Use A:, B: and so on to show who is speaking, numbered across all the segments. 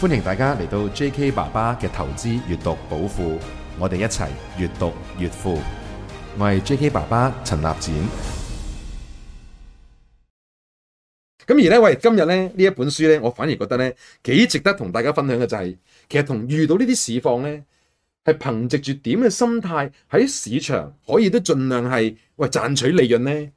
A: 歡迎大家嚟到 J.K. 爸爸嘅投資閱讀寶庫，我哋一齊閱讀越富。我係 J.K. 爸爸陳立展。咁而咧，喂，今日咧呢一本書咧，我反而覺得咧幾值得同大家分享嘅就係、是，其實同遇到這些況呢啲市況咧，係憑借住點嘅心態喺市場可以都盡量係喂賺取利潤呢。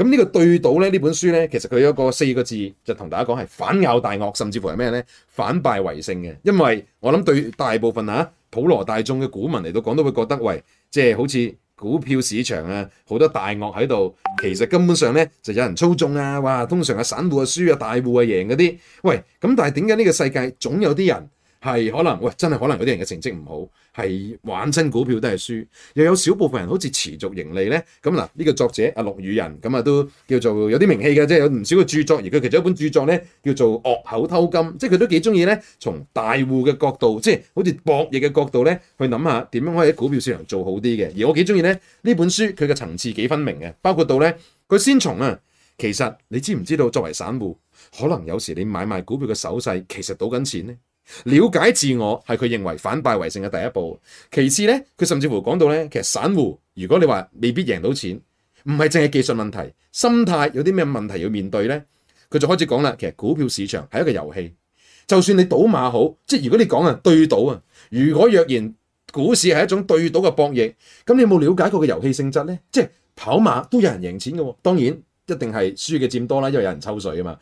A: 咁呢個對賭咧，呢本書呢，其實佢有一個四個字，就同大家講係反咬大鱷，甚至乎係咩呢？反敗為勝嘅。因為我諗對大部分啊普羅大眾嘅股民嚟到講，都會覺得，喂，即係好似股票市場啊，好多大鱷喺度，其實根本上呢就有人操縱啊，哇！通常啊，散戶啊輸啊，大戶啊贏嗰啲，喂，咁但係點解呢個世界總有啲人？係可能喂，真係可能嗰啲人嘅成績唔好，係玩親股票都係輸。又有少部分人好似持續盈利咧。咁嗱，呢個作者阿陸羽仁咁啊，都叫做有啲名氣嘅，即係有唔少嘅著作。而佢其中一本著作咧叫做《鱷口偷金》，即係佢都幾中意咧，從大戶嘅角度，即係好似博弈嘅角度咧，去諗下點樣可以喺股票市場做好啲嘅。而我幾中意咧呢本書，佢嘅層次幾分明嘅，包括到咧，佢先從啊，其實你知唔知道作為散戶，可能有時你買賣股票嘅手勢，其實賭緊錢咧。了解自我係佢認為反敗為勝嘅第一步。其次呢，佢甚至乎講到呢，其實散戶如果你話未必贏到錢，唔係淨係技術問題，心態有啲咩問題要面對呢？佢就開始講啦，其實股票市場係一個遊戲，就算你賭馬好，即係如果你講啊對賭啊，如果若然股市係一種對賭嘅博弈，咁你有冇了解過個遊戲性質呢？即係跑馬都有人贏錢嘅喎，當然一定係輸嘅佔多啦，因為有人抽水啊嘛。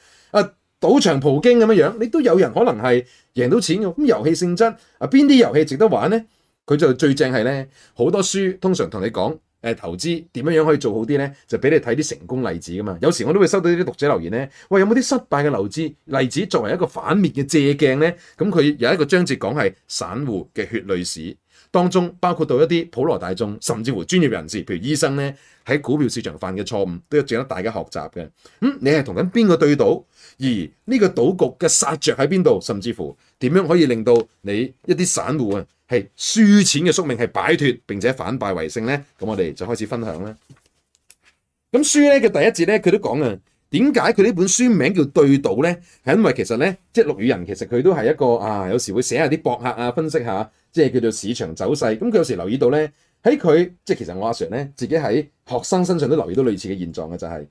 A: 賭場葡京咁樣樣，你都有人可能係贏到錢嘅。咁、嗯、遊戲性質啊，邊啲遊戲值得玩呢？佢就最正係咧，好多書通常同你講，誒、呃、投資點樣樣可以做好啲咧，就俾你睇啲成功例子㗎嘛。有時我都會收到啲讀者留言咧，喂，有冇啲失敗嘅投資例子作為一個反面嘅借鏡咧？咁、嗯、佢有一個章節講係散戶嘅血淚史。當中包括到一啲普羅大眾，甚至乎專業人士，譬如醫生咧，喺股票市場犯嘅錯誤，都要值得大家學習嘅。咁、嗯、你係同緊邊個對賭？而呢個賭局嘅殺着喺邊度？甚至乎點樣可以令到你一啲散戶啊，係輸錢嘅宿命係擺脱並且反敗為勝呢？咁我哋就開始分享啦。咁書咧嘅第一節咧，佢都講啊，點解佢呢本書名叫對賭呢？係因為其實呢，即係陸羽仁其實佢都係一個啊，有時會寫下啲博客啊，分析下。即係叫做市場走勢，咁佢有時留意到咧，喺佢即係其實我阿 Sir 咧自己喺學生身上都留意到類似嘅現狀嘅，就是，就係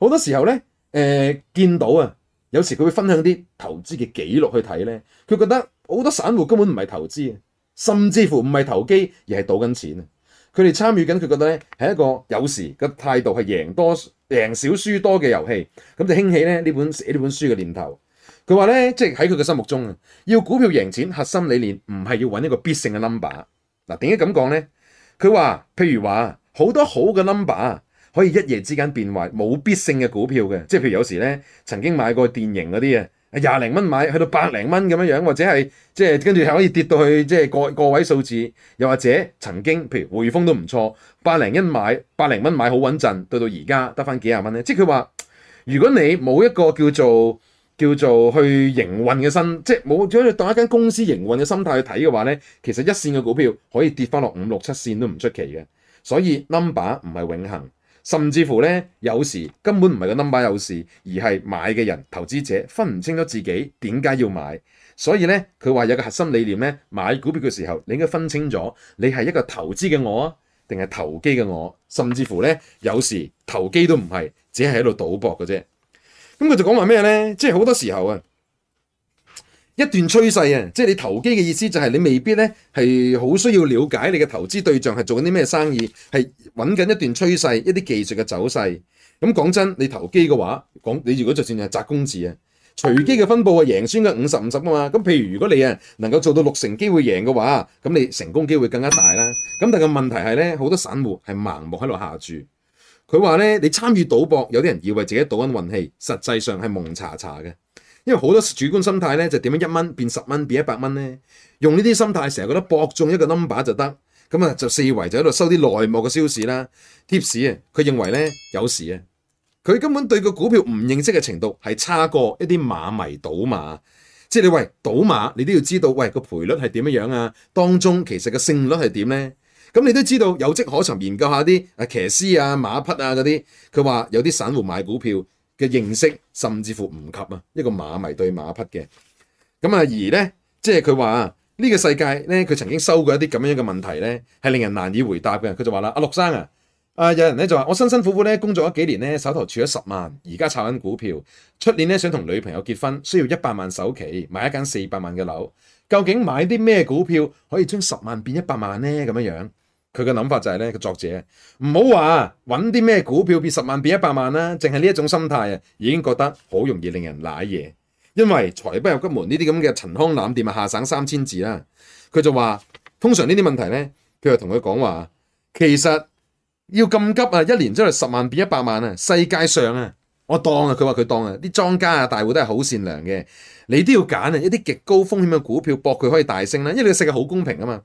A: 好多時候咧，誒、呃、見到啊，有時佢會分享啲投資嘅記錄去睇咧，佢覺得好多散戶根本唔係投資啊，甚至乎唔係投機而係賭緊錢啊，佢哋參與緊佢覺得咧係一個有時嘅態度係贏多贏少輸多嘅遊戲，咁就興起咧呢本寫呢本書嘅念頭。佢話咧，即係喺佢嘅心目中啊，要股票贏錢，核心理念唔係要揾一個必勝嘅 number。嗱，點解咁講咧？佢話，譬如話好多好嘅 number 可以一夜之間變為冇必勝嘅股票嘅，即係譬如有時咧曾經買過電盈嗰啲啊，廿零蚊買去到百零蚊咁樣樣，或者係即係跟住係可以跌到去即係、就是、個個位數字，又或者曾經譬如匯豐都唔錯，百零一買百零蚊買好穩陣，到到而家得返幾廿蚊咧。即係佢話，如果你冇一個叫做叫做去營運嘅心，即係冇咗你當一間公司營運嘅心態去睇嘅話咧，其實一線嘅股票可以跌翻落五六七線都唔出奇嘅。所以 number 唔係永恆，甚至乎咧，有時根本唔係個 number 有事，而係買嘅人、投資者分唔清楚自己點解要買。所以咧，佢話有個核心理念咧，買股票嘅時候，你應該分清楚你係一個投資嘅我啊，定係投機嘅我？甚至乎咧，有時投機都唔係，只係喺度賭博嘅啫。咁佢就講話咩咧？即係好多時候啊，一段趨勢啊，即係你投機嘅意思就係你未必咧係好需要了解你嘅投資對象係做緊啲咩生意，係揾緊一段趨勢，一啲技術嘅走勢。咁講真，你投機嘅話，講你如果就算係擲公字啊，隨機嘅分布啊，贏輸嘅五十五十啊嘛。咁譬如如果你啊能夠做到六成機會贏嘅話，咁你成功機會更加大啦。咁但係個問題係咧，好多散戶係盲目喺度下注。佢話咧，你參與賭博，有啲人以為自己賭緊運氣，實際上係蒙查查嘅。因為好多主觀心態咧，就點樣一蚊變十蚊變一百蚊咧？用呢啲心態，成日覺得博中一個 number 就得，咁啊就四圍就喺度收啲內幕嘅消息啦、tips 啊。佢認為咧有時啊，佢根本對個股票唔認識嘅程度係差過一啲馬迷賭馬。即係你喂賭馬，你都要知道喂個賠率係點樣樣啊？當中其實個勝率係點咧？咁你都知道有迹可尋，研究下啲啊騎師啊馬匹啊嗰啲。佢話有啲散戶買股票嘅認識，甚至乎唔及啊一個馬迷對馬匹嘅。咁啊而呢，即係佢話呢個世界呢，佢曾經收過一啲咁樣嘅問題呢，係令人難以回答嘅。佢就話啦：阿陸生啊，啊有人呢就話「我辛辛苦苦呢工作咗幾年呢，手頭儲咗十萬，而家炒緊股票，出年呢想同女朋友結婚，需要一百萬首期買一間四百萬嘅樓，究竟買啲咩股票可以將十萬變一百萬呢？」咁樣樣。佢嘅諗法就係咧，個作者唔好話揾啲咩股票變十萬變一百萬啦，淨係呢一種心態啊，已經覺得好容易令人賴嘢。因為財不入急門呢啲咁嘅陳腔濫調啊，下省三千字啦。佢就話：通常呢啲問題咧，佢又同佢講話，其實要咁急啊，一年之內十萬變一百萬啊，世界上啊，我當啊，佢話佢當啊，啲莊家啊、大戶都係好善良嘅，你都要揀啊，一啲極高風險嘅股票搏佢可以大升啦，因為你世界好公平啊嘛。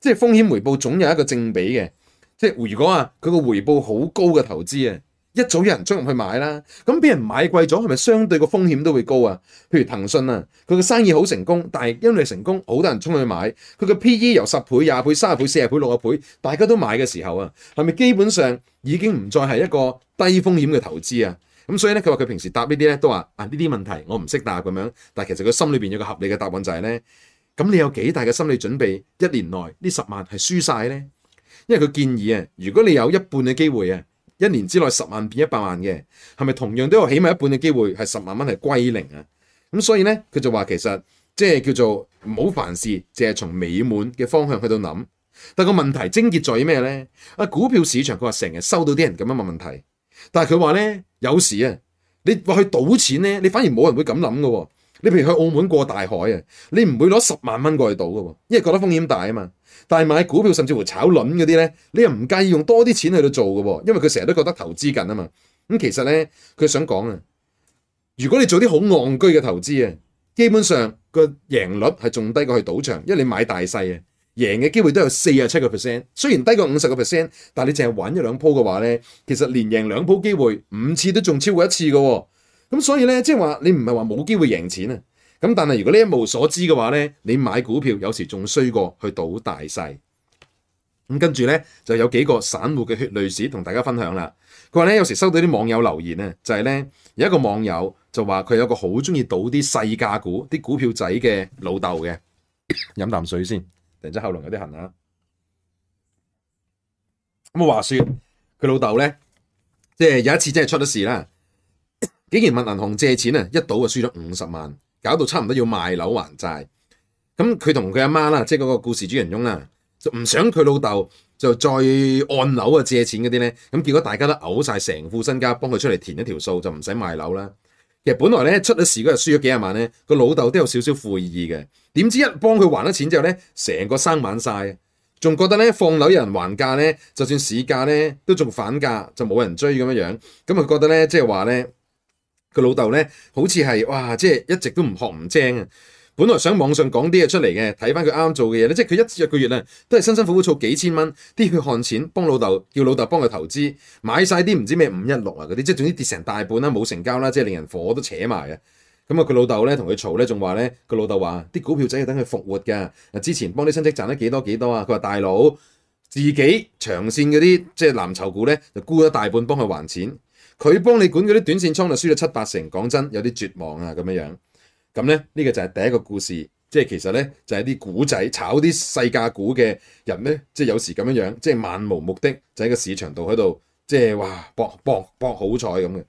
A: 即係風險回報總有一個正比嘅，即係如果啊，佢個回報好高嘅投資啊，一早有人衝入去買啦，咁俾人買貴咗，係咪相對個風險都會高啊？譬如騰訊啊，佢個生意好成功，但係因為成功，好多人衝去買，佢個 P/E 由十倍、廿倍、三十倍、四十倍、六十倍、六十倍，大家都買嘅時候啊，係咪基本上已經唔再係一個低風險嘅投資啊？咁所以咧，佢話佢平時答呢啲咧都話啊，呢啲問題我唔識答，咁樣，但係其實佢心裏邊有個合理嘅答案就係、係、咧。咁你有幾大嘅心理準備？一年內呢十萬係輸晒呢？因為佢建議啊，如果你有一半嘅機會啊，一年之內十萬變一百萬嘅，係咪同樣都有起碼一半嘅機會係十萬蚊係歸零啊？咁所以呢，佢就話其實即係叫做唔好凡事淨係從美滿嘅方向去到諗，但係個問題症結在於咩呢？啊，股票市場佢話成日收到啲人咁樣嘅問題，但係佢話呢，有時啊，你話去賭錢呢，你反而冇人會咁諗噶。你譬如去澳門過大海啊，你唔會攞十萬蚊過去賭噶，因為覺得風險大啊嘛。但係買股票甚至乎炒輪嗰啲咧，你又唔介意用多啲錢去到做噶，因為佢成日都覺得投資緊啊嘛。咁、嗯、其實咧，佢想講啊，如果你做啲好戇居嘅投資啊，基本上個贏率係仲低過去賭場，因為你買大細啊，贏嘅機會都有四十七個 percent。雖然低過五十個 percent，但係你淨係玩一兩鋪嘅話咧，其實連贏兩鋪機會五次都仲超過一次噶。咁所以呢，即係話你唔係話冇機會贏錢啊。咁但係如果你一無所知嘅話呢，你買股票有時仲衰過去賭大細。咁、嗯、跟住咧，就有幾個散戶嘅血淚史同大家分享啦。佢話咧，有時收到啲網友留言咧，就係、是、咧有一個網友就話佢有個好中意賭啲細價股、啲股票仔嘅老豆嘅。飲啖水先，突然間喉嚨有啲痕啊。咁啊，話說佢老豆咧，即係有一次真係出咗事啦。竟然問銀行借錢啊，一賭就輸咗五十萬，搞到差唔多要賣樓還債。咁佢同佢阿媽啦，即係嗰個故事主人翁啦，就唔想佢老豆就再按樓啊借錢嗰啲咧。咁結果大家都嘔晒成副身家，幫佢出嚟填一條數，就唔使賣樓啦。其實本來咧出咗事嗰日輸咗幾廿萬咧，個老豆都有少少悔意嘅。點知一幫佢還咗錢之後咧，成個生猛曬，仲覺得咧放樓有人還價咧，就算市價咧都仲反價，就冇人追咁樣樣。咁佢覺得咧，即係話咧。佢老豆咧，好似係哇，即係一直都唔學唔精啊！本來想網上講啲嘢出嚟嘅，睇翻佢啱啱做嘅嘢咧，即係佢一一個月啊，都係辛辛苦苦儲幾千蚊，啲血汗錢幫老豆，叫老豆幫佢投資，買晒啲唔知咩五一六啊嗰啲，即係總之跌成大半啦，冇成交啦，即係令人火都扯埋嘅。咁啊，佢老豆咧同佢嘈咧，仲話咧，佢老豆話啲股票仔係等佢復活㗎。之前幫啲親戚賺得幾多幾多少啊？佢話大佬自己長線嗰啲即係藍籌股咧，就沽咗大半幫佢還錢。佢幫你管嗰啲短線倉就輸咗七八成。講真，有啲絕望啊咁樣樣咁咧，呢、呢個就係第一個故事。即係其實咧，就係啲股仔炒啲細價股嘅人咧，即係有時咁樣樣，即係漫無目的就喺個市場度喺度，即係哇博博博好彩咁嘅。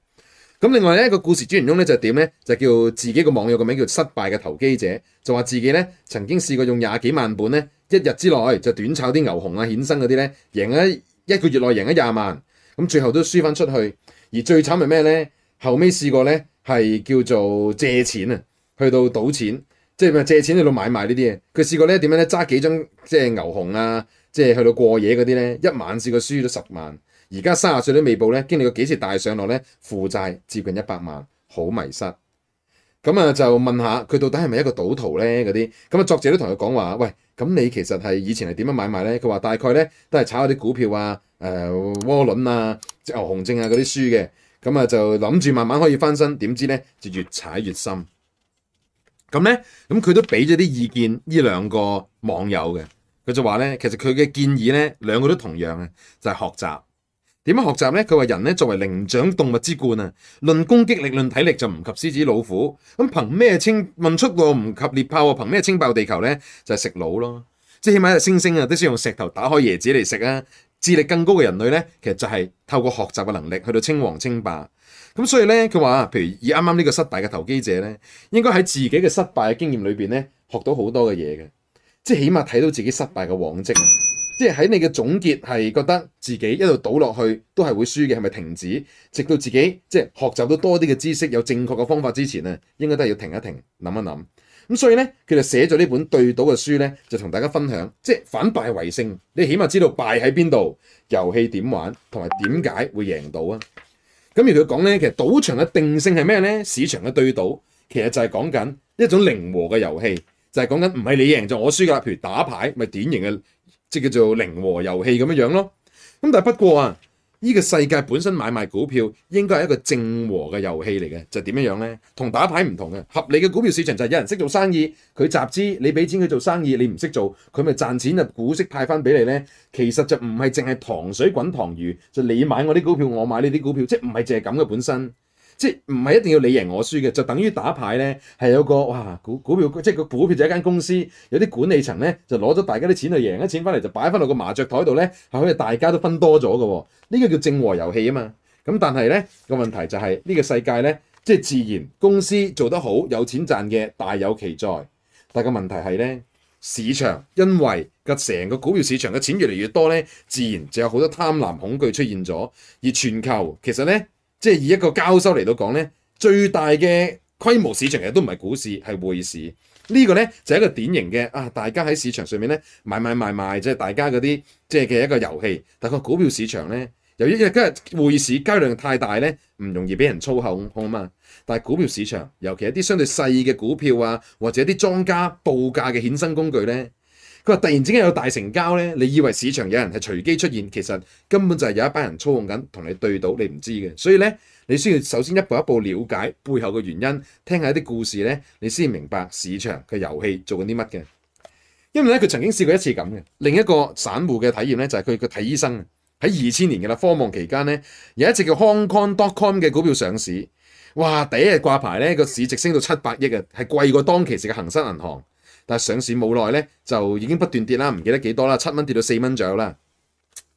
A: 咁另外咧個故事主人公咧就點咧，就叫自己個網友個名叫失敗嘅投機者，就話自己咧曾經試過用廿幾萬本咧一日之內就短炒啲牛熊啊、衍生嗰啲咧，贏咗一個月內贏咗廿萬，咁最後都輸翻出去。而最慘係咩咧？後尾試過咧，係叫做借錢啊，去到賭錢，即係借錢去到買賣呢啲嘢。佢試過咧點樣咧？揸幾張即係牛熊啊，即係去到過夜嗰啲咧，一晚試過輸咗十萬。而家三十歲都未報咧，經歷過幾次大上落咧，負債接近一百萬，好迷失。咁啊就問下佢到底係咪一個賭徒咧？嗰啲咁啊，作者都同佢講話，喂，咁你其實係以前係點樣買賣咧？佢話大概咧都係炒啲股票啊，誒、呃，窩輪啊。即牛熊證啊嗰啲書嘅，咁啊就諗住慢慢可以翻身，點知咧就越踩越深。咁咧，咁佢都俾咗啲意見呢兩個網友嘅，佢就話咧，其實佢嘅建議咧，兩個都同樣啊，就係、是、學習。點樣學習咧？佢話人咧作為靈長動物之冠啊，論攻擊力、論體力就唔及獅子、老虎。咁憑咩清問速度、啊、唔及獵豹啊？憑咩清爆地球咧？就係食腦咯。即係起碼啲猩猩啊，都先用石頭打開椰子嚟食啊。智力更高嘅人類呢，其實就係透過學習嘅能力去到稱王稱霸。咁所以呢，佢話譬如以啱啱呢個失敗嘅投機者呢，應該喺自己嘅失敗嘅經驗裏面呢，學到好多嘅嘢嘅，即係起碼睇到自己失敗嘅往績，即係喺你嘅總結係覺得自己一路倒落去都係會輸嘅，係咪停止？直到自己即係學習到多啲嘅知識，有正確嘅方法之前咧，應該都係要停一停，諗一諗。咁所以呢，佢就寫咗呢本對賭嘅書咧，就同大家分享，即係反敗為勝。你起碼知道敗喺邊度，遊戲點玩，同埋點解會贏到啊！咁而佢講咧，其實賭場嘅定性係咩呢？市場嘅對賭其實就係講緊一種零和嘅遊戲，就係講緊唔係你贏就我輸㗎。譬如打牌，咪就係典型嘅，即係叫做零和遊戲咁樣樣咯。咁但不過啊。呢個世界本身買賣股票應該係一個正和嘅遊戲嚟嘅，就點樣呢？同打牌唔同嘅，合理嘅股票市場就係有人識做生意，佢集資，你俾錢佢做生意，你唔識做，佢咪賺錢啊？股息派返俾你咧，其實就唔係淨係糖水滾糖魚，就你買我啲股票，我買你啲股票，即係唔係淨係咁嘅本身。即係唔係一定要你贏我輸嘅，就等於打牌咧，係有個哇股股票，即係個股票就一間公司，有啲管理層咧就攞咗大家啲錢去贏一錢翻嚟，就擺翻落個麻雀台度咧，係可以大家都分多咗嘅喎。呢個叫正和遊戲啊嘛。咁但係咧個問題就係呢個世界咧，即係自然公司做得好有錢賺嘅大有其在，但個問題係咧市場因為個成個股票市場嘅錢越嚟越多咧，自然就有好多貪婪恐懼出現咗，而全球其實咧。即係以一個交收嚟到講咧，最大嘅規模市場其實都唔係股市，係匯市。這個、呢個咧就係、是、一個典型嘅啊，大家喺市場上面咧買買賣賣，即、就、係、是、大家嗰啲即係嘅一個遊戲。但係個股票市場咧，由於因為今日匯市交易量太大咧，唔容易俾人操控好啊嘛。但係股票市場，尤其一啲相對細嘅股票啊，或者啲莊家報價嘅衍生工具咧。佢話突然之間有大成交咧，你以為市場有人係隨機出現，其實根本就係有一班人操控緊，同你對賭你唔知嘅。所以咧，你需要首先一步一步了解背後嘅原因，聽一下啲故事咧，你先明白市場嘅遊戲做緊啲乜嘅。因為咧，佢曾經試過一次咁嘅。另一個散戶嘅體驗咧，就係佢個睇醫生喺二千年嘅啦，科網期間咧有一隻叫 Hongkong.com 嘅股票上市，哇！第一日掛牌咧個市值升到七百億啊，係貴過當其時嘅恒生銀行。但上市冇耐咧，就已經不斷跌啦，唔記得幾多啦，七蚊跌到四蚊左右啦。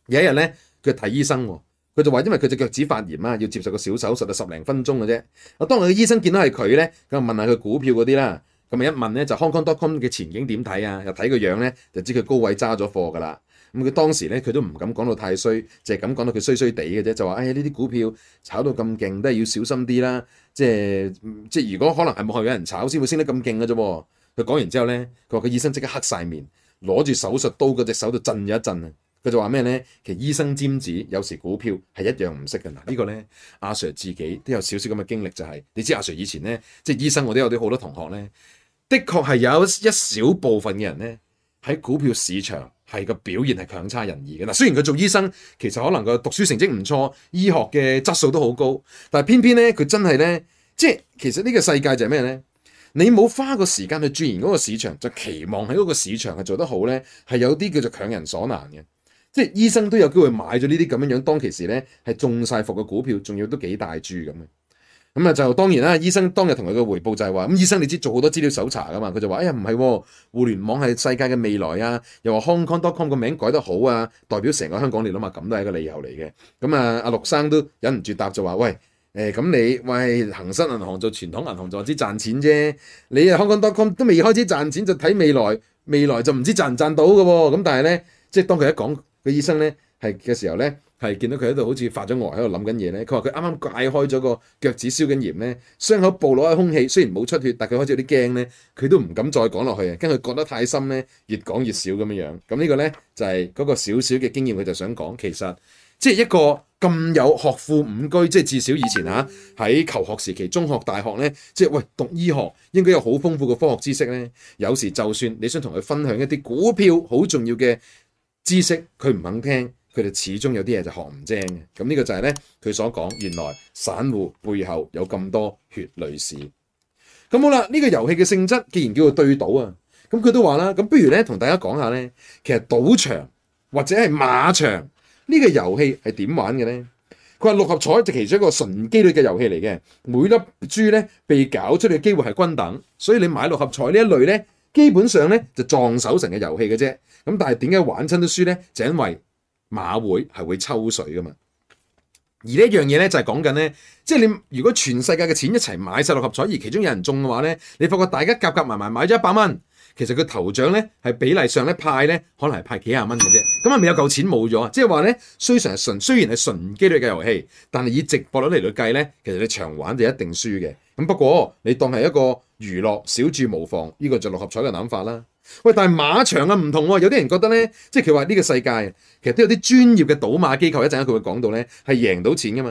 A: 有一日咧，佢睇醫生，佢就話因為佢隻腳趾發炎嘛，要接受個小手術，就十零分鐘嘅啫。啊，當佢醫生見到係佢咧，咁問下佢股票嗰啲啦，咁咪一問咧就 Hong Kong dot com 嘅前景點睇啊？又睇個樣咧就知佢高位揸咗貨㗎啦。咁佢當時咧佢都唔敢講到太衰，就係咁講到佢衰衰地嘅啫，就話：哎呀呢啲股票炒到咁勁都係要小心啲啦。即係即係如果可能係幕後有人炒先會升得咁勁㗎啫。佢講完之後呢，佢話：佢醫生即刻黑晒面，攞住手術刀嗰隻手就震咗一震啊！佢就話咩呢？其實醫生尖子有時股票係一樣唔識嘅嗱，呢、呢個呢，阿 sir 自己都有少少咁嘅經歷就係、係，你知阿 sir 以前呢，即係醫生，我都有啲好多同學呢，的確係有一小部分嘅人呢，喺股票市場係個表現係強差人意嘅嗱。雖然佢做醫生，其實可能佢讀書成績唔錯，醫學嘅質素都好高，但係偏偏呢，佢真係呢，即係其實呢個世界就係咩呢？你冇花個時間去鑽研嗰個市場，就期望喺嗰個市場係做得好咧，係有啲叫做強人所難嘅。即係醫生都有機會買咗呢啲咁樣樣，當其時咧係中晒伏嘅股票，仲要都幾大注咁嘅。咁啊就當然啦，醫生當日同佢嘅回報就係話：咁醫生你知做好多資料搜查噶嘛？佢就話：哎呀唔係、啊，互聯網係世界嘅未來啊！又話 HongKong.com 個名改得好啊，代表成個香港你諗下、啊，咁都係一個理由嚟嘅。咁啊，阿陸生都忍唔住答就話：喂！誒咁、欸、你話係恒生銀行做傳統銀行就知賺錢啫，你啊康康 dotcom 都未開始賺錢就睇未來，未來就唔知賺唔賺到嘅喎、哦。咁但係咧，即係當佢一講個醫生咧，係嘅時候咧，係見到佢喺度好似發咗呆喺度諗緊嘢咧。佢話佢啱啱解開咗個腳趾燒緊炎咧，傷口暴露喺空氣，雖然冇出血，但佢開始有啲驚咧，佢都唔敢再講落去，跟佢覺得太深咧，越講越少咁樣樣。咁呢個咧就係、是、嗰個小小嘅經驗，佢就想講，其實即係一個。咁有學富五車，即係至少以前嚇喺、啊、求學時期，中學、大學呢，即係喂讀醫學應該有好豐富嘅科學知識呢，有時就算你想同佢分享一啲股票好重要嘅知識，佢唔肯聽，佢哋始終有啲嘢就學唔精嘅。咁、嗯、呢、這個就係呢，佢所講，原來散戶背後有咁多血淚史。咁、嗯、好啦，呢、這個遊戲嘅性質既然叫做對賭啊，咁、嗯、佢都話啦，咁不如呢，同大家講下呢，其實賭場或者係馬場。呢個遊戲係點玩嘅呢？佢話六合彩就其中一個純機率嘅遊戲嚟嘅，每粒珠呢，被搞出嚟嘅機會係均等，所以你買六合彩呢一類呢，基本上呢，就撞手神嘅遊戲嘅啫。咁但係點解玩親都輸呢？就因為馬會係會抽水㗎嘛。而呢一樣嘢呢，就係講緊呢，即係你如果全世界嘅錢一齊買晒六合彩，而其中有人中嘅話呢，你發覺大家夾夾埋埋買咗一百蚊。其實佢頭獎咧係比例上咧派咧可能係派幾廿蚊嘅啫，咁啊未有夠錢冇咗啊！即係話咧，雖然係純雖然係純機率嘅遊戲，但係以值博率嚟嚟計咧，其實你長玩就一定輸嘅。咁不過你當係一個娛樂，小注無妨，呢、呢個就六合彩嘅諗法啦。喂，但係馬場啊唔同喎，哦，有啲人覺得咧，即係佢話呢個世界其實都有啲專業嘅賭馬機構，一陣間佢會講到咧係贏到錢噶嘛。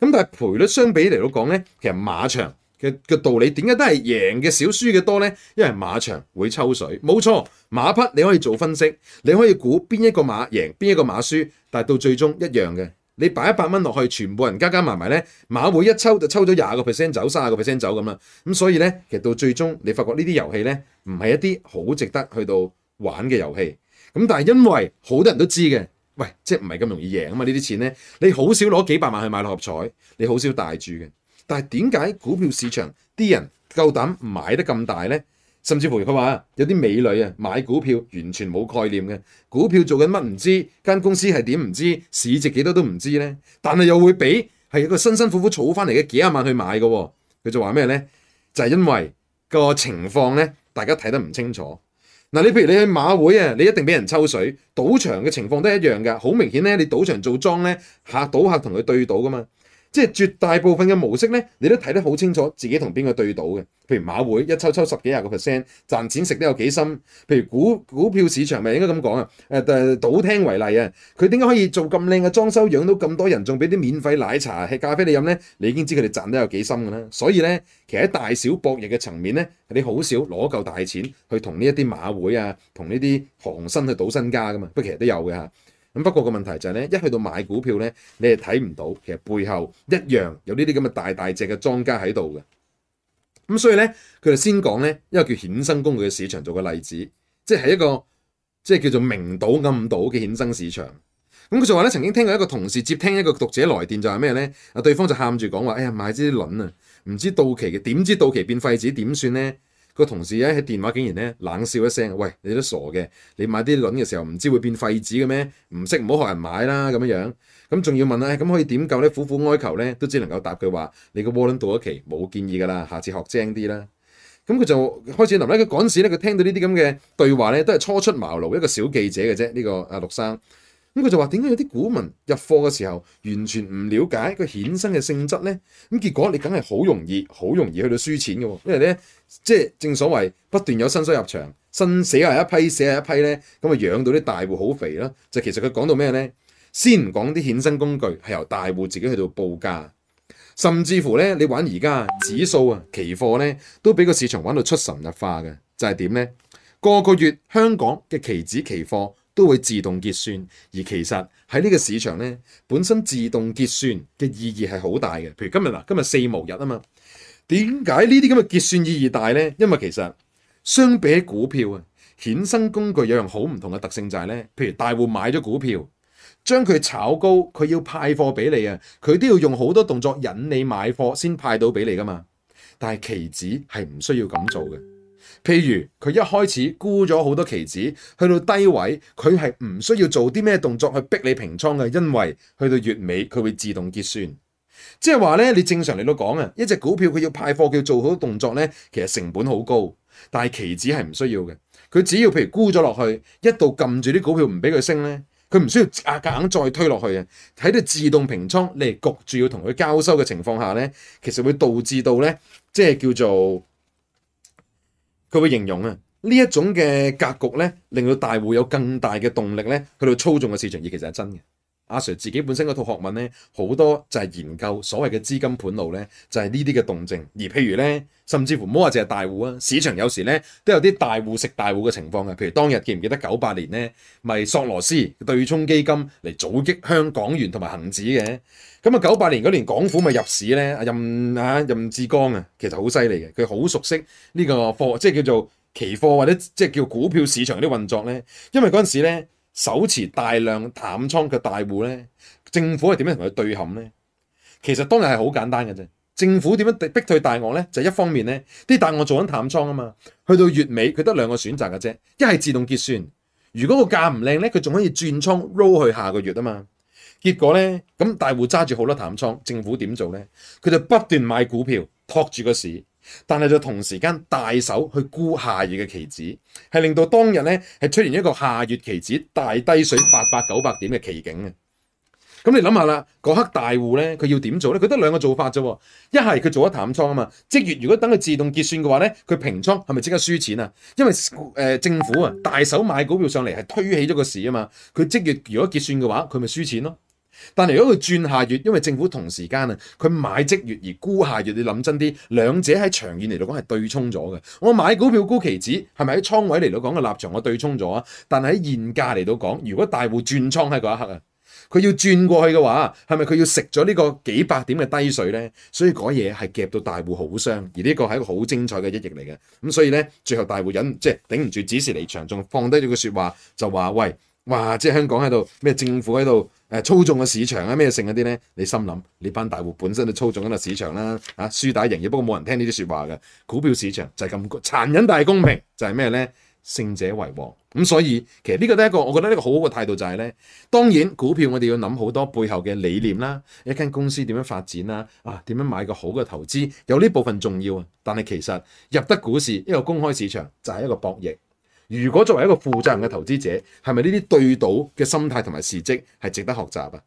A: 咁但係賠率相比嚟到講咧，其實馬場嘅道理點解都係贏嘅少，輸嘅多呢？因為馬場會抽水，冇錯。馬匹你可以做分析，你可以估邊一個馬贏，邊一個馬輸，但係到最終一樣嘅。你擺一百蚊落去，全部人加加埋埋呢，馬會一抽就抽咗廿個 percent 走，三十個 percent 走咁啦。咁所以呢，其實到最終你發覺呢啲遊戲呢，唔係一啲好值得去到玩嘅遊戲。咁但係因為好多人都知嘅，喂，即係唔係咁容易贏啊嘛？呢啲錢呢，你好少攞幾百萬去買六合彩，你好少大注嘅。但係點解股票市場啲人夠膽買得咁大呢？甚至乎佢話有啲美女啊買股票完全冇概念嘅，股票做緊乜唔知，間公司係點唔知，市值幾多都唔知呢。但係又會俾係一個辛辛苦苦儲翻嚟嘅幾廿萬去買嘅啊。佢就話咩呢？就係因為個情況呢，大家睇得唔清楚。嗱，你譬如你去馬會啊，你一定俾人抽水，賭場嘅情況都一樣㗎。好明顯呢，你賭場做莊呢，下賭客同佢對賭㗎嘛。即係絕大部分嘅模式咧，你都睇得好清楚，自己同邊個對賭嘅。譬如馬會一抽抽十幾廿個 percent，賺錢食得有幾深。譬如股股票市場咪應該咁講啊？誒、呃、誒，賭廳為例啊，佢點解可以做咁靚嘅裝修，養到咁多人，仲俾啲免費奶茶、吃咖啡你飲咧？你已經知佢哋賺得有幾深㗎啦。所以咧，其實喺大小博弈嘅層面咧，你好少攞夠大錢去同呢一啲馬會啊，同呢啲行新去賭身家㗎嘛。不過其實都有嘅嚇。咁不過個問題就係、是、咧，一去到買股票咧，你係睇唔到，其實背後一樣有呢啲咁嘅大大隻嘅莊家喺度嘅。咁所以咧，佢哋先講咧一個叫衍生工具嘅市場做個例子，即係一個即係叫做明賭暗賭嘅衍生市場。咁、嗯、佢就話咧，曾經聽過一個同事接聽一個讀者來電，就係咩咧？啊，對方就喊住講話，哎呀，買啲輪啊，唔知到期嘅，點知到期變廢紙點算咧？個同事咧喺電話竟然咧冷笑一聲：喂，你都傻嘅，你買啲輪嘅時候唔知會變廢紙嘅咩？唔識唔好學人買啦咁樣樣。咁仲要問咧，咁、哎、可以點救咧？苦苦哀求咧，都只能夠答佢話：你個窩輪到咗期冇建議噶啦，下次學精啲啦。咁佢就開始留意，佢趕事咧，佢聽到呢啲咁嘅對話咧，都係初出茅廬一個小記者嘅啫。呢、這個阿、啊、陸生。咁佢就話：點解有啲股民入貨嘅時候完全唔了解佢衍生嘅性質呢？咁結果你梗係好容易、好容易去到輸錢嘅、哦。因為呢，即係正所謂不斷有新手入場，新死下一批，死下一,一批呢，咁啊養到啲大戶好肥啦。就是、其實佢講到咩呢？先唔講啲衍生工具係由大戶自己去到報價，甚至乎呢，你玩而家指數啊、期貨呢，都俾個市場玩到出神入化嘅。就係、是、點呢？個個月香港嘅期指期貨。都會自動結算，而其實喺呢個市場咧，本身自動結算嘅意義係好大嘅。譬如今日嗱，今日四巫日啊嘛，點解呢啲咁嘅結算意義大咧？因為其實相比股票啊，衍生工具有樣好唔同嘅特性就係咧，譬如大戶買咗股票，將佢炒高，佢要派貨俾你啊，佢都要用好多動作引你買貨先派到俾你噶嘛。但係期指係唔需要咁做嘅。譬如佢一開始沽咗好多期指，去到低位，佢係唔需要做啲咩動作去逼你平倉嘅，因為去到月尾佢會自動結算。即係話咧，你正常嚟到講啊，一隻股票佢要派貨，佢要做好動作咧，其實成本好高。但係期指係唔需要嘅，佢只要譬如沽咗落去，一度撳住啲股票唔俾佢升咧，佢唔需要夾硬再推落去啊，喺度自動平倉。你係焗住要同佢交收嘅情況下咧，其實會導致到咧，即係叫做。佢會形容啊，呢一種嘅格局咧，令到大戶有更大嘅動力咧，去到操縱嘅市場，而其實係真嘅。阿 Sir 自己本身嗰套學問咧，好多就係研究所謂嘅資金盤路咧，就係呢啲嘅動靜。而譬如咧，甚至乎唔好話淨係大戶啊，市場有時咧都有啲大戶食大戶嘅情況嘅。譬如當日記唔記得九八年咧，咪索羅斯對沖基金嚟阻擊香港元同埋恒指嘅。咁啊，九八年嗰年港府咪入市咧，任啊任志剛啊，其實好犀利嘅，佢好熟悉呢個貨，即係叫做期貨或者即係叫股票市場啲運作咧，因為嗰陣時咧。手持大量淡倉嘅大戶咧，政府係點樣同佢對撼咧？其實當日係好簡單嘅啫。政府點樣逼退大鱷咧？就一方面咧，啲大鱷做緊淡倉啊嘛，去到月尾佢得兩個選擇嘅啫。一係自動結算，如果個價唔靚咧，佢仲可以轉倉 roll 去下個月啊嘛。結果咧，咁大戶揸住好多淡倉，政府點做咧？佢就不斷買股票托住個市。但係就同時間大手去沽下月嘅期指，係令到當日咧係出現一個下月期指大低水八百九百點嘅奇景嘅。咁、嗯、你諗下啦，嗰刻大戶咧佢要點做咧？佢得兩個做法啫。一係佢做咗淡倉啊嘛，即月如果等佢自動結算嘅話咧，佢平倉係咪即刻輸錢啊？因為誒、呃、政府啊大手買股票上嚟係推起咗個市啊嘛，佢即月如果結算嘅話，佢咪輸錢咯。但係如果佢轉下月，因為政府同時間啊，佢買即月而沽下月，你諗真啲，兩者喺長遠嚟講係對沖咗嘅。我買股票沽期指，係咪喺倉位嚟到講嘅立場我對沖咗啊？但係喺現價嚟到講，如果大戶轉倉喺嗰一刻啊，佢要轉過去嘅話，係咪佢要食咗呢個幾百點嘅低水咧？所以嗰嘢係夾到大戶好傷，而呢個係一個好精彩嘅一役嚟嘅。咁所以咧，最後大戶忍即係頂唔住，指示離場，仲放低咗句説話，就話喂。哇！即係香港喺度咩政府喺度誒操縱個市場啊咩性嗰啲咧，你心諗你班大戶本身都操縱緊個市場啦、啊、嚇、啊，輸打贏嘅，不過冇人聽呢啲説話嘅。股票市場就係咁殘忍，但係公平就係咩咧？勝者為王。咁所以其實呢個都係一個我覺得呢個好好嘅態度就係、是、咧，當然股票我哋要諗好多背後嘅理念啦，一間公司點樣發展啦，啊點樣買個好嘅投資有呢部分重要啊，但係其實入得股市一個公開市場就係、是、一個博弈。如果作為一個負責任嘅投資者，係咪呢啲對賭嘅心態同埋事蹟係值得學習啊？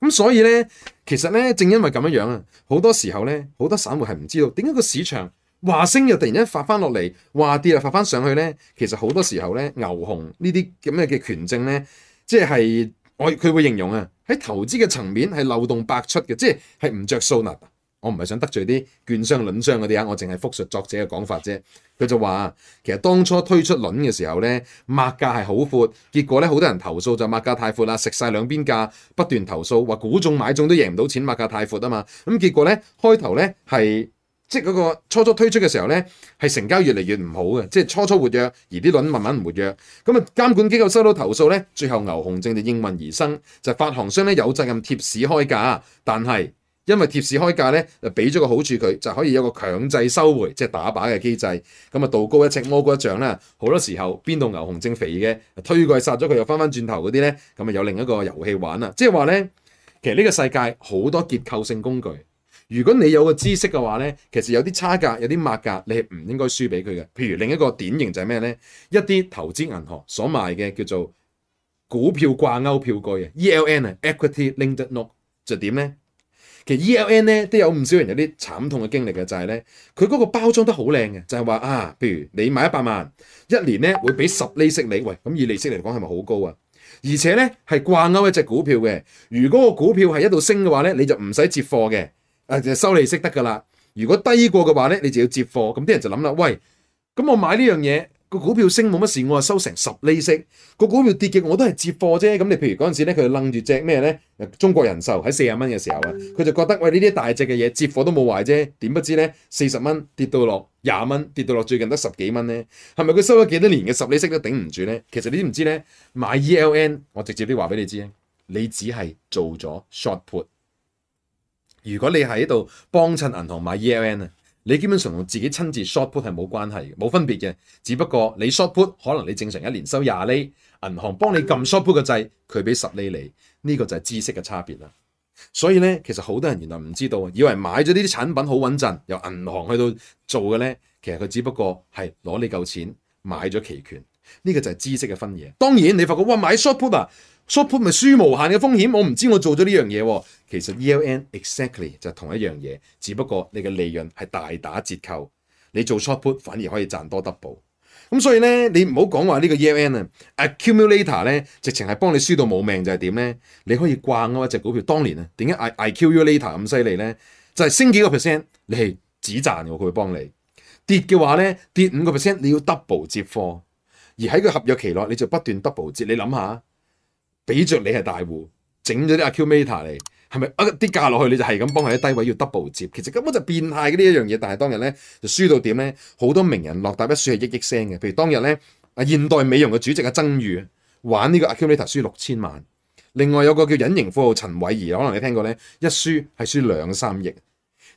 A: 咁所以呢，其實呢，正因為咁樣啊，好多時候呢，好多散戶係唔知道點解個市場話升又突然間發翻落嚟，話跌又發翻上去呢。其實好多時候呢，牛熊呢啲咁樣嘅權證呢，即係我佢會形容啊，喺投資嘅層面係漏洞百出嘅，即係唔着數。我唔係想得罪啲券商、輪商嗰啲啊，我淨係複述作者嘅講法啫。佢就話，其實當初推出輪嘅時候呢，擘價係好闊，結果呢好多人投訴就擘價太闊啦，食晒兩邊價，不斷投訴話估中買中都贏唔到錢，擘價太闊啊嘛。咁結果呢，開頭呢係即係嗰個初初推出嘅時候呢，係成交越嚟越唔好嘅，即係初初活躍，而啲輪慢慢唔活躍。咁啊，監管機構收到投訴呢，最後牛熊證就應運而生，就發行商呢有責任貼市開價，但係，因為貼士開價咧，就俾咗個好處佢，就可以有個強制收回，即係打靶嘅機制。咁啊，道高一尺，魔高一丈啦。好多時候，邊度牛熊正肥嘅推過去殺咗佢，又翻翻轉頭嗰啲咧，咁啊，有另一個遊戲玩啊。即係話咧，其實呢個世界好多結構性工具。如果你有個知識嘅話咧，其實有啲差價，有啲賣價，你係唔應該輸俾佢嘅。譬如另一個典型就係咩咧？一啲投資銀行所賣嘅叫做股票掛鈎票據，E L N 啊，Equity Linked Note 就點咧？其實 E L N 咧都有唔少人有啲慘痛嘅經歷嘅，就係咧佢嗰個包裝得好靚嘅，就係話啊，譬如你買一百萬，一年咧會俾十厘息你喂，咁以利息嚟講係咪好高啊？而且咧係掛鈎一隻股票嘅，如果個股票係一度升嘅話咧，你就唔使接貨嘅，誒、啊、就收利息得㗎啦。如果低過嘅話咧，你就要接貨，咁啲人就諗啦，喂，咁我買呢樣嘢。個股票升冇乜事，我啊收成十厘息。那個股票跌極，我都係接貨啫。咁你譬如嗰陣時咧，佢楞住隻咩咧？中國人壽喺四十蚊嘅時候啊，佢就覺得喂，呢啲大隻嘅嘢，接貨都冇壞啫。點不知咧，四十蚊跌到落廿蚊，跌到落最近得十幾蚊咧。係咪佢收咗幾多年嘅十厘息都頂唔住咧？其實你知唔知咧？買 E L N，我直接啲話俾你知，你只係做咗 short put。如果你喺度幫襯銀行買 E L N 啊！你基本上同自己親自 short put 係冇關係嘅，冇分別嘅。只不過你 short put 可能你正常一年收廿釐，銀行幫你撳 short put 嘅掣，佢俾十釐你。呢個就係知識嘅差別啦。所以呢，其實好多人原來唔知道，以為買咗呢啲產品好穩陣，由銀行去到做嘅呢，其實佢只不過係攞你嚿錢買咗期權。呢個就係知識嘅分野。當然你發覺哇，買 short put short put 咪輸無限嘅風險。我唔知我做咗呢樣嘢。其實 E L N exactly 就係同一樣嘢，只不過你嘅利潤係大打折扣。你做 short put 反而可以賺多 double。咁所以咧，你唔好講話呢個 E L N 啊，accumulator 咧，直情係幫你輸到冇命就係點咧？你可以逛嗰隻股票。當年啊，點解 I accumulator 咁犀利咧？就係升幾個 percent，你係只賺嘅，佢會幫你跌嘅話咧，跌五個 percent，你要 double 接貨。而喺佢合約期內，你就不斷 double 接。你諗、um 啊、下，俾着你係大戶，整咗啲 a c accumulator 嚟，係咪一啲價落去你就係咁幫佢喺低位要 double 接？其實根本就變態嘅呢一樣嘢。但係當日咧就輸到點咧，好多名人落大筆輸係億億聲嘅。譬如當日咧，阿現代美容嘅主席阿、啊、曾裕玩呢個 accumulator 輸六千萬。另外有個叫隱形富豪陳偉儀，可能你聽過咧，一輸係輸兩三億。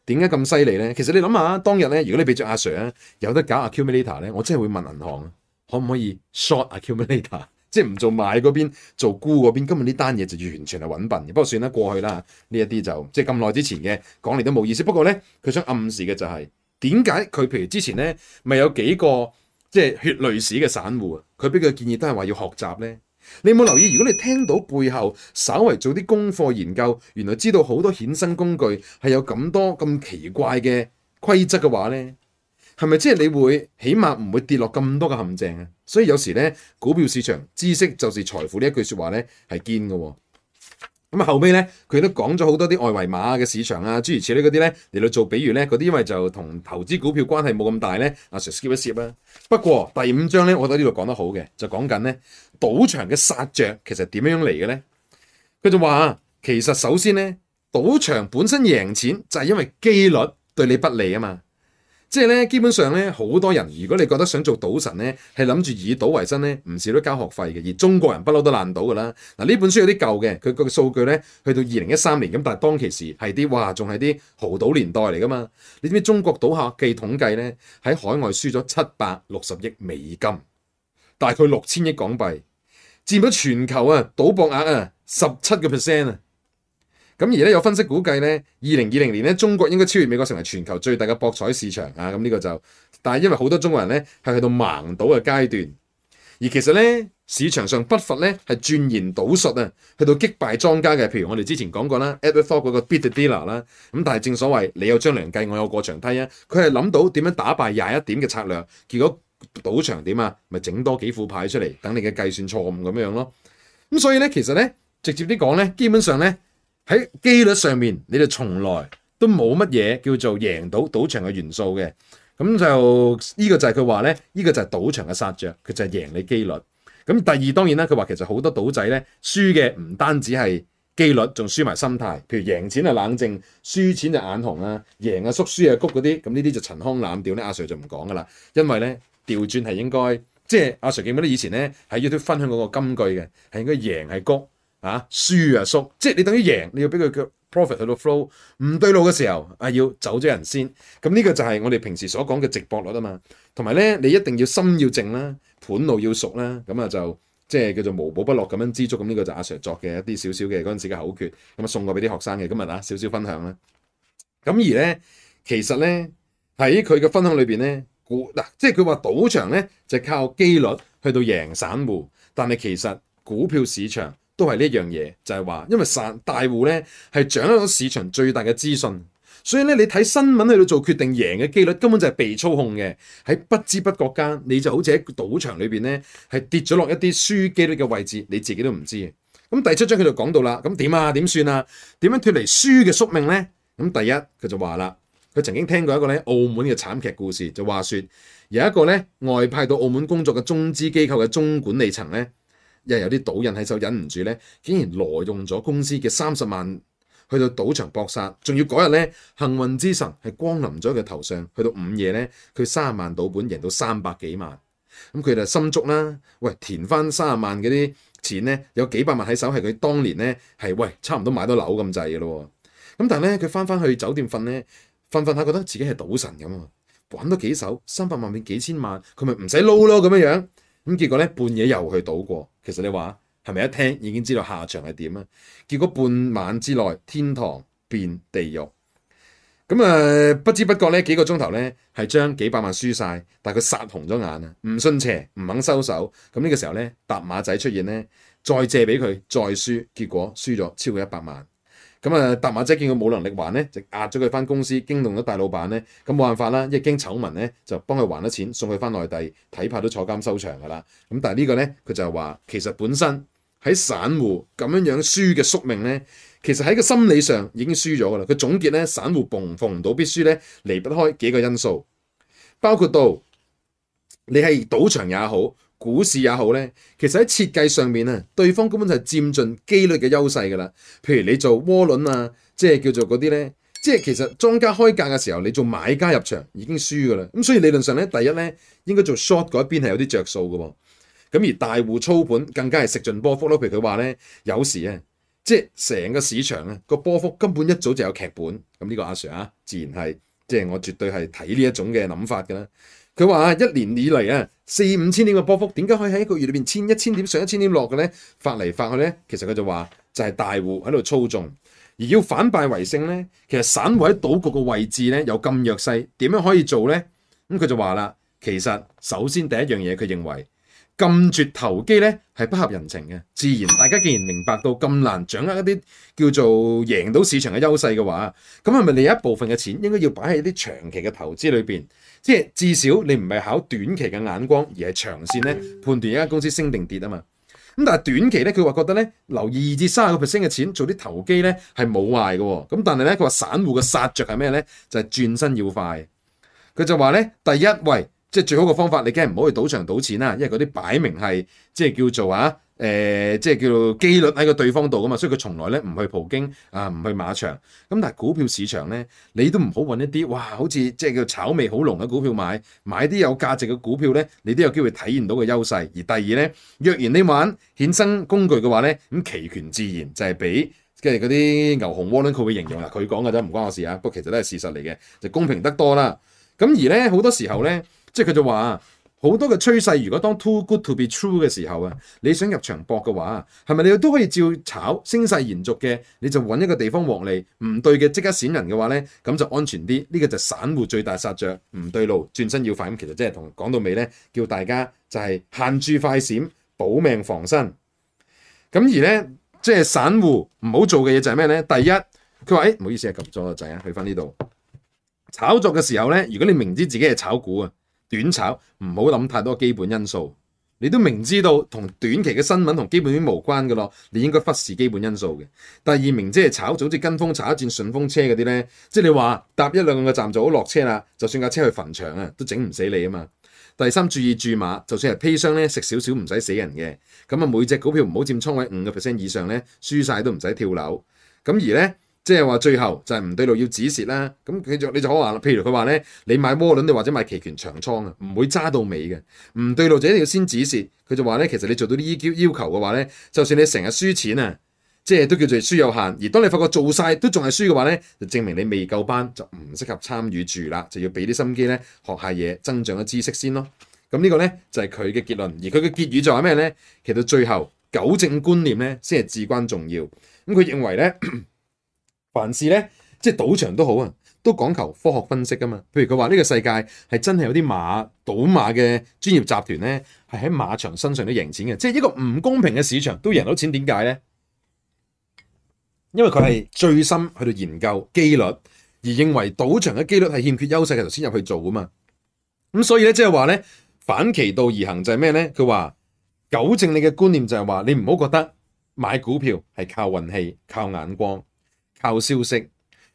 A: 點解咁犀利咧？其實你諗下，當日咧，如果你俾著阿 Sir 咧有得搞 a c accumulator 咧，我真係會問銀行。可唔可以 short accumulator？ 即係唔做買嗰邊，做沽嗰邊，今日呢單嘢就完全係揾笨嘅。不過算啦，過去啦，呢一啲就即係咁耐之前嘅講嚟都冇意思。不過咧，佢想暗示嘅就係點解佢譬如之前咧，咪有幾個即係血淚史嘅散戶啊？佢俾佢建議都係話要學習咧。你有冇留意？如果你聽到背後稍微做啲功課研究，原來知道好多衍生工具係有咁多咁奇怪嘅規則嘅話咧？係咪即係你會起碼唔會跌落咁多嘅陷阱啊？所以有時咧，股票市場知識就是財富呢一句說話咧係堅嘅。咁啊後尾咧，佢都講咗好多啲外圍馬嘅市場啊，諸如此類嗰啲咧嚟到做比，比如咧嗰啲因為就同投資股票關係冇咁大咧啊。Sir, skip 一 skip 啦。不過第五章咧，我覺得呢度講得好嘅，就講緊咧賭場嘅殺着其實點樣樣嚟嘅咧？佢就話其實首先咧，賭場本身贏錢就係因為機率對你不利啊嘛。即係咧，基本上咧，好多人如果你覺得想做賭神咧，係諗住以賭為生咧，唔少都交學費嘅。而中國人不嬲都爛賭㗎啦。嗱、啊，呢本書有啲舊嘅，佢個數據咧去到二零一三年咁，但係當其時係啲嘩仲係啲豪賭年代嚟㗎嘛。你知唔知中國賭客嘅統計咧喺海外輸咗七百六十億美金，大概六千億港幣，佔咗全球啊賭博額啊十七個 percent 啊。咁而咧有分析估計咧，二零二零年咧中國應該超越美國成為全球最大嘅博彩市場啊！咁、這、呢個就，但係因為好多中國人咧係去到盲賭嘅階段，而其實咧市場上不乏咧係鑽研賭術啊，去到擊敗莊家嘅。譬如我哋之前講過啦，Edward 嗰個 Beat the Dealer 啦，咁但係正所謂你有張良計，我有過牆梯啊，佢係諗到點樣打敗廿一點嘅策略，結果賭場點啊，咪整多幾副牌出嚟等你嘅計算錯誤咁樣咯。咁所以咧，其實咧直接啲講咧，基本上咧。喺機率上面，你哋從來都冇乜嘢叫做贏到賭,賭場嘅元素嘅，咁就呢、這個就係佢話咧，呢、這個就係賭場嘅殺着，佢就係贏你機率。咁第二當然啦，佢話其實好多賭仔咧，輸嘅唔單止係機率，仲輸埋心態。譬如贏錢係冷靜，輸錢就眼紅啦、啊，贏啊縮，輸啊谷嗰啲，咁呢啲就陳腔濫調咧。阿 Sir 就唔講噶啦，因為咧調轉係應該，即係阿、啊、Sir 記得以前咧喺 YouTube 分享嗰個金句嘅，係應該贏係谷。啊，輸啊縮，即係你等於贏，你要俾佢嘅 profit 去到 flow，唔對路嘅時候啊，要走咗人先。咁呢個就係我哋平時所講嘅直博率啊嘛。同埋咧，你一定要心要靜啦，盤路要熟啦。咁啊就即係叫做無寶不落咁樣知足。咁呢個就阿 Sir 作嘅一啲少少嘅嗰陣時嘅口訣，咁啊送過俾啲學生嘅今日啊少少分享啦。咁而咧，其實咧喺佢嘅分享裏邊咧，股嗱、啊、即係佢話賭場咧就係、靠機率去到贏散戶，但係其實股票市場，都係呢一樣嘢，就係話，因為散大戶呢係掌握咗市場最大嘅資訊，所以咧你睇新聞去到做決定贏嘅機率根本就係被操控嘅。喺不知不覺間，你就好似喺賭場裏邊呢，係跌咗落一啲輸機率嘅位置，你自己都唔知。咁第七章佢就講到啦，咁點啊點算啊，點樣脫離輸嘅宿命呢？咁第一佢就話啦，佢曾經聽過一個咧澳門嘅慘劇故事，就話說有一個呢外派到澳門工作嘅中資機構嘅中管理層呢。又有啲賭人喺手，忍唔住咧，竟然挪用咗公司嘅三十萬去到賭場搏殺，仲要嗰日咧，幸運之神係光臨咗佢頭上，去到午夜咧，佢三十萬賭本贏到三百幾萬，咁佢就心足啦。喂，填翻三十萬嗰啲錢咧，有幾百萬喺手，係佢當年咧係喂差唔多買到樓咁滯嘅咯。咁但係咧，佢翻翻去酒店瞓咧，瞓瞓下覺得自己係賭神咁啊，玩多幾手三百萬變幾千萬，佢咪唔使撈咯咁樣樣。咁結果咧，半夜又去賭過。其實你話係咪一聽已經知道下場係點啊？結果半晚之內天堂變地獄，咁啊、呃、不知不覺咧幾個鐘頭咧係將幾百萬輸晒，但係佢殺紅咗眼啊，唔信邪唔肯收手，咁呢個時候咧搭馬仔出現咧再借俾佢再輸，結果輸咗超過一百萬。咁啊，搭馬姐見佢冇能力還咧，就壓咗佢翻公司，驚動咗大老闆咧。咁冇辦法啦，一經醜聞咧，就幫佢還咗錢，送佢翻內地，睇怕都坐監收場㗎啦。咁但係呢個咧，佢就係話其實本身喺散戶咁樣樣輸嘅宿命咧，其實喺個心理上已經輸咗㗎啦。佢總結咧，散戶逢唔逢唔到必輸咧，離不開幾個因素，包括到你係賭場也好。股市也好咧，其實喺設計上面啊，對方根本就係佔盡機率嘅優勢噶啦。譬如你做窩輪啊，即係叫做嗰啲咧，即係其實莊家開價嘅時候，你做買家入場已經輸噶啦。咁所以理論上咧，第一咧應該做 short 嗰一邊係有啲着數噶喎。咁而大戶操盤更加係食盡波幅咯。譬如佢話咧，有時啊，即係成個市場啊個波幅根本一早就有劇本。咁、這、呢個阿 Sir 啊，自然係即係我絕對係睇呢一種嘅諗法噶啦。佢話一年以嚟啊，四五千點嘅波幅，點解可以喺一個月裏邊千一千點上一千點落嘅呢？發嚟發去呢，其實佢就話就係大戶喺度操縱，而要反敗為勝呢，其實散戶喺賭局嘅位置呢有咁弱勢，點樣可以做呢？咁、嗯、佢就話啦，其實首先第一樣嘢，佢認為禁絕投機呢係不合人情嘅，自然大家既然明白到咁難掌握一啲叫做贏到市場嘅優勢嘅話，咁係咪你一部分嘅錢應該要擺喺啲長期嘅投資裏邊？即係至少你唔係考短期嘅眼光，而係長線咧判斷一間公司升定跌啊嘛。咁但係短期咧，佢話覺得咧留二至三十個 percent 嘅錢做啲投機咧係冇壞嘅。咁、哦、但係咧，佢話散戶嘅殺着係咩咧？就係、是、轉身要快。佢就話咧，第一喂，即係最好嘅方法，你梗係唔好去賭場賭錢啦，因為嗰啲擺明係即係叫做啊。誒、呃、即係叫做機率喺個對方度噶嘛，所以佢從來咧唔去葡京啊，唔去馬場。咁但係股票市場咧，你都唔好揾一啲哇，好似即係叫炒味好濃嘅股票買，買啲有價值嘅股票咧，你都有機會體現到嘅優勢。而第二咧，若然你玩衍生工具嘅話咧，咁期權自然就係比即係嗰啲牛熊窩輪佢會形容啦，佢講嘅啫，唔關我事啊。不過其實都係事實嚟嘅，就公平得多啦。咁而咧好多時候咧，即係佢就話。好多嘅趨勢，如果當 too good to be true 嘅時候啊，你想入場博嘅話，係咪你都可以照炒？升勢延續嘅，你就揾一個地方獲利；唔對嘅，即刻閃人嘅話呢，咁就安全啲。呢個就散戶最大殺着，唔對路，轉身要快。咁其實即係同講到尾呢，叫大家就係限住快閃，保命防身。咁而呢，即係散戶唔好做嘅嘢就係咩呢？第一，佢話，哎，唔好意思啊，撳咗個掣啊，去翻呢度。炒作嘅時候呢，如果你明知自己係炒股啊。短炒唔好諗太多基本因素，你都明知道同短期嘅新聞同基本面無關嘅咯，你應該忽視基本因素嘅。第二名即係炒，就好似跟風炒一轉順風車嗰啲呢，即係你話搭一兩個站就好落車啦，就算架車去墳場啊，都整唔死你啊嘛。第三，注意注碼，就算係砒霜呢，食少少唔使死人嘅。咁啊，每隻股票唔好佔倉位五個 percent 以上呢，輸晒都唔使跳樓。咁而呢。即係話最後就係唔對路要止蝕啦。咁佢就你就好話啦，譬如佢話咧，你買窩輪，你或者買期權長倉啊，唔會揸到尾嘅。唔對路就一定要先止蝕。佢就話咧，其實你做到啲要求要求嘅話咧，就算你成日輸錢啊，即係都叫做輸有限。而當你發覺做晒都仲係輸嘅話咧，就證明你未夠班，就唔適合參與住啦，就要俾啲心機咧學下嘢，增長啲知識先咯。咁呢個咧就係佢嘅結論，而佢嘅結語就係咩咧？其實最後糾正觀念咧先係至關重要。咁佢認為咧。 凡事咧，即係賭場都好啊，都講求科學分析噶嘛。譬如佢話呢個世界係真係有啲馬賭馬嘅專業集團咧，係喺馬場身上都贏錢嘅，即係一個唔公平嘅市場都贏到錢，點解咧？因為佢係最深去到研究機率，而認為賭場嘅機率係欠缺優勢嘅頭先入去做啊嘛。咁所以咧，即係話咧，反其道而行就係咩咧？佢話糾正你嘅觀念就係話，你唔好覺得買股票係靠運氣、靠眼光。靠消息，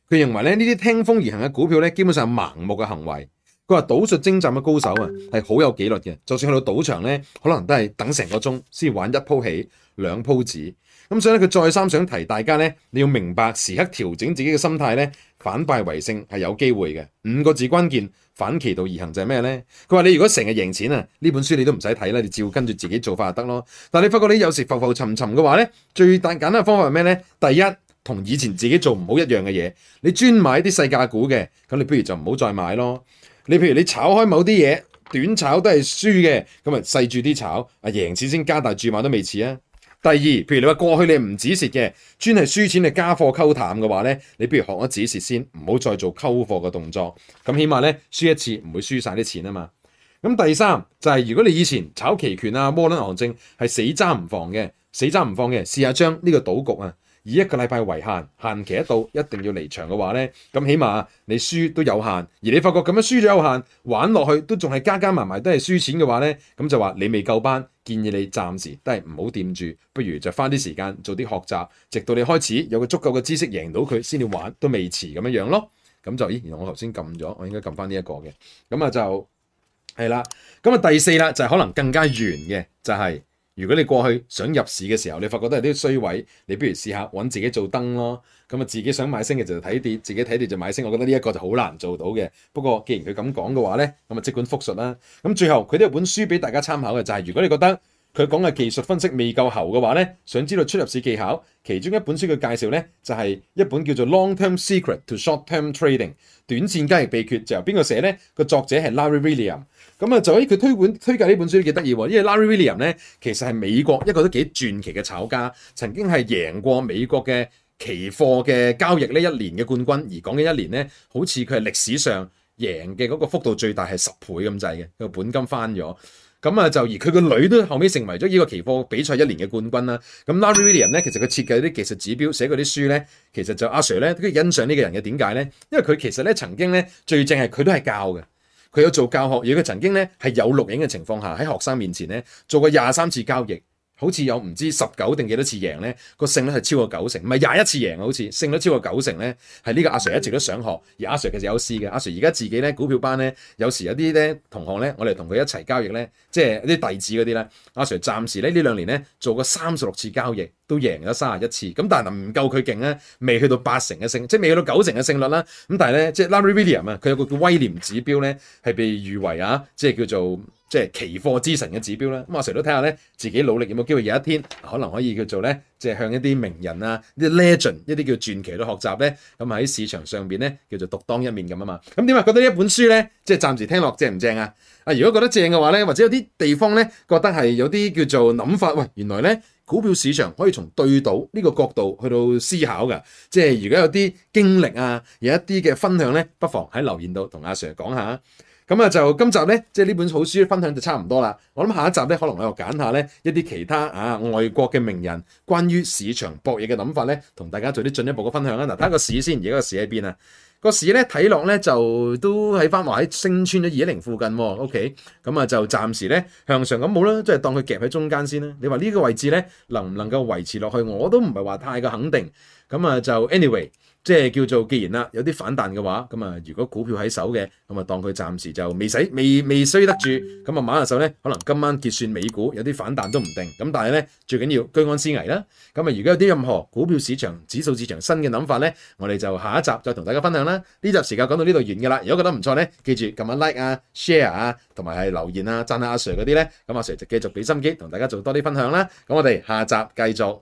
A: 佢認為咧呢啲聽風而行嘅股票咧，基本上係盲目嘅行為。佢話賭術精湛嘅高手啊，係好有紀律嘅。就算去到賭場呢，可能都係等成個鐘先玩一鋪，起兩鋪止。咁所以咧，佢再三想提大家咧，你要明白時刻調整自己嘅心態呢，反敗為勝係有機會嘅。五個字關鍵，反其道而行就係咩呢？佢話你如果成日贏錢啊，呢本書你都唔使睇啦，你只要跟住自己做法就得咯。但你發覺你有時浮浮沉沉嘅話呢，最單簡單嘅方法係咩呢？第一。同以前自己做唔好一樣嘅嘢，你專買啲細價股嘅，咁你不如就唔好再買咯。你譬如你炒開某啲嘢，短炒都係輸嘅，咁啊細注啲炒，啊贏錢先加大注碼都未遲啊。第二，譬如你話過去你唔止蝕嘅，專係輸錢嚟加貨溝淡嘅話咧，你不如學一止蝕先，唔好再做溝貨嘅動作，咁起碼咧輸一次唔會輸晒啲錢啊嘛。咁第三就係、是、如果你以前炒期權啊、摩輪行證係死揸唔放嘅，死揸唔放嘅，試，試下將呢個賭局啊～以一個禮拜為限，限期一到一定要離場嘅話咧，咁起碼你輸都有限。而你發覺咁樣輸咗有限，玩落去都仲係加加埋埋都係輸錢嘅話咧，咁就話你未夠班，建議你暫時都係唔好掂住，不如就花啲時間做啲學習，直到你開始有個足夠嘅知識贏到佢先至玩，都未遲咁樣樣咯。咁就咦，原來我頭先撳咗，我應該撳翻呢一個嘅。咁啊就係啦。咁啊第四啦，就係、可能更加遠嘅就係、係。如果你過去想入市嘅時候，你發覺都係啲衰位，你不如試下揾自己做燈咯。咁啊，自己想買升嘅就睇跌，自己睇跌就買升。我覺得呢一個就好難做到嘅。不過既然佢咁講嘅話呢，咁啊，即管覆述啦。咁最後佢都有本書俾大家參考嘅，就係如果你覺得佢講嘅技術分析未夠喉嘅話呢，想知道出入市技巧，其中一本書嘅介紹呢，就係一本叫做《Long Term Secret to Short Term Trading》短線交易秘訣，就由邊個寫呢？個作者係 Larry Williams。咁啊，就喺佢推本推介呢本書都幾得意喎，因為 Larry Williams 咧其實係美國一個都幾傳奇嘅炒家，曾經係贏過美國嘅期貨嘅交易呢一年嘅冠軍，而講緊一年咧，好似佢係歷史上贏嘅嗰個幅度最大係十倍咁滯嘅，佢個本金翻咗。咁啊，就而佢個女都後尾成為咗呢個期貨比賽一年嘅冠軍啦。咁 Larry Williams 咧其實佢設計啲技術指標寫嗰啲書咧，其實就阿 Sir 咧都欣賞呢個人嘅點解咧？因為佢其實咧曾經咧最正係佢都係教嘅。佢有做教學嘢，佢曾經呢係有錄影嘅情況下，喺學生面前呢做過廿三次交易。好似有唔知十九定幾多次贏咧，個勝咧係超過九成，唔係廿一次贏，好似勝率超過九成咧，係呢個阿 Sir 一直都想學，而阿 Sir 其實有師嘅，阿 Sir 而家自己咧股票班咧，有時有啲咧同學咧，我哋同佢一齊交易咧，即係啲弟子嗰啲啦。阿 Sir 暫時咧呢兩年咧做過三十六次交易，都贏咗卅一次，咁但係唔夠佢勁咧，未去到八成嘅勝，即係未去到九成嘅勝率啦。咁但係咧，即係 Larry William 啊，佢有個叫威廉指標咧，係被譽為啊，即係叫做。即係期貨之神嘅指標啦。咁阿 Sir 都睇下咧，自己努力有冇機會，有一天可能可以叫做咧，即係向一啲名人啊、啲 legend、一啲叫傳奇都學習咧，咁喺市場上邊咧叫做獨當一面咁啊嘛。咁點解覺得呢一本書咧，即係暫時聽落正唔正啊？啊，如果覺得正嘅話咧，或者有啲地方咧覺得係有啲叫做諗法，喂，原來咧股票市場可以從對賭呢個角度去到思考㗎。即係如果有啲經歷啊，有一啲嘅分享咧，不妨喺留言度同阿 Sir 講下。咁啊，就今集咧，即係呢本好書分享就差唔多啦。我諗下一集咧，可能我又揀下咧一啲其他啊外國嘅名人關於市場博弈嘅諗法咧，同大家做啲進一步嘅分享啦。嗱、啊，睇下個市先，而家個市喺邊啊？個市咧睇落咧就都喺翻落喺升穿咗二一零附近喎、哦。OK，咁啊就暫時咧向上咁冇啦，即係當佢夾喺中間先啦、啊。你話呢個位置咧能唔能夠維持落去？我都唔係話太過肯定。咁啊就 anyway。即係叫做，既然啦，有啲反彈嘅話，咁啊，如果股票喺手嘅，咁啊，當佢暫時就未使、未、未衰得住，咁啊，馬下手咧，可能今晚結算美股有啲反彈都唔定。咁但係咧，最緊要居安思危啦。咁啊，如果有啲任何股票市場、指數市場新嘅諗法咧，我哋就下一集再同大家分享啦。呢集時間講到呢度完㗎啦。如果覺得唔錯咧，記住撳下 like 啊、share 啊，同埋係留言啊、贊下阿 Sir 嗰啲咧，咁阿 Sir 就繼續畀心機同大家做多啲分享啦。咁我哋下集繼續。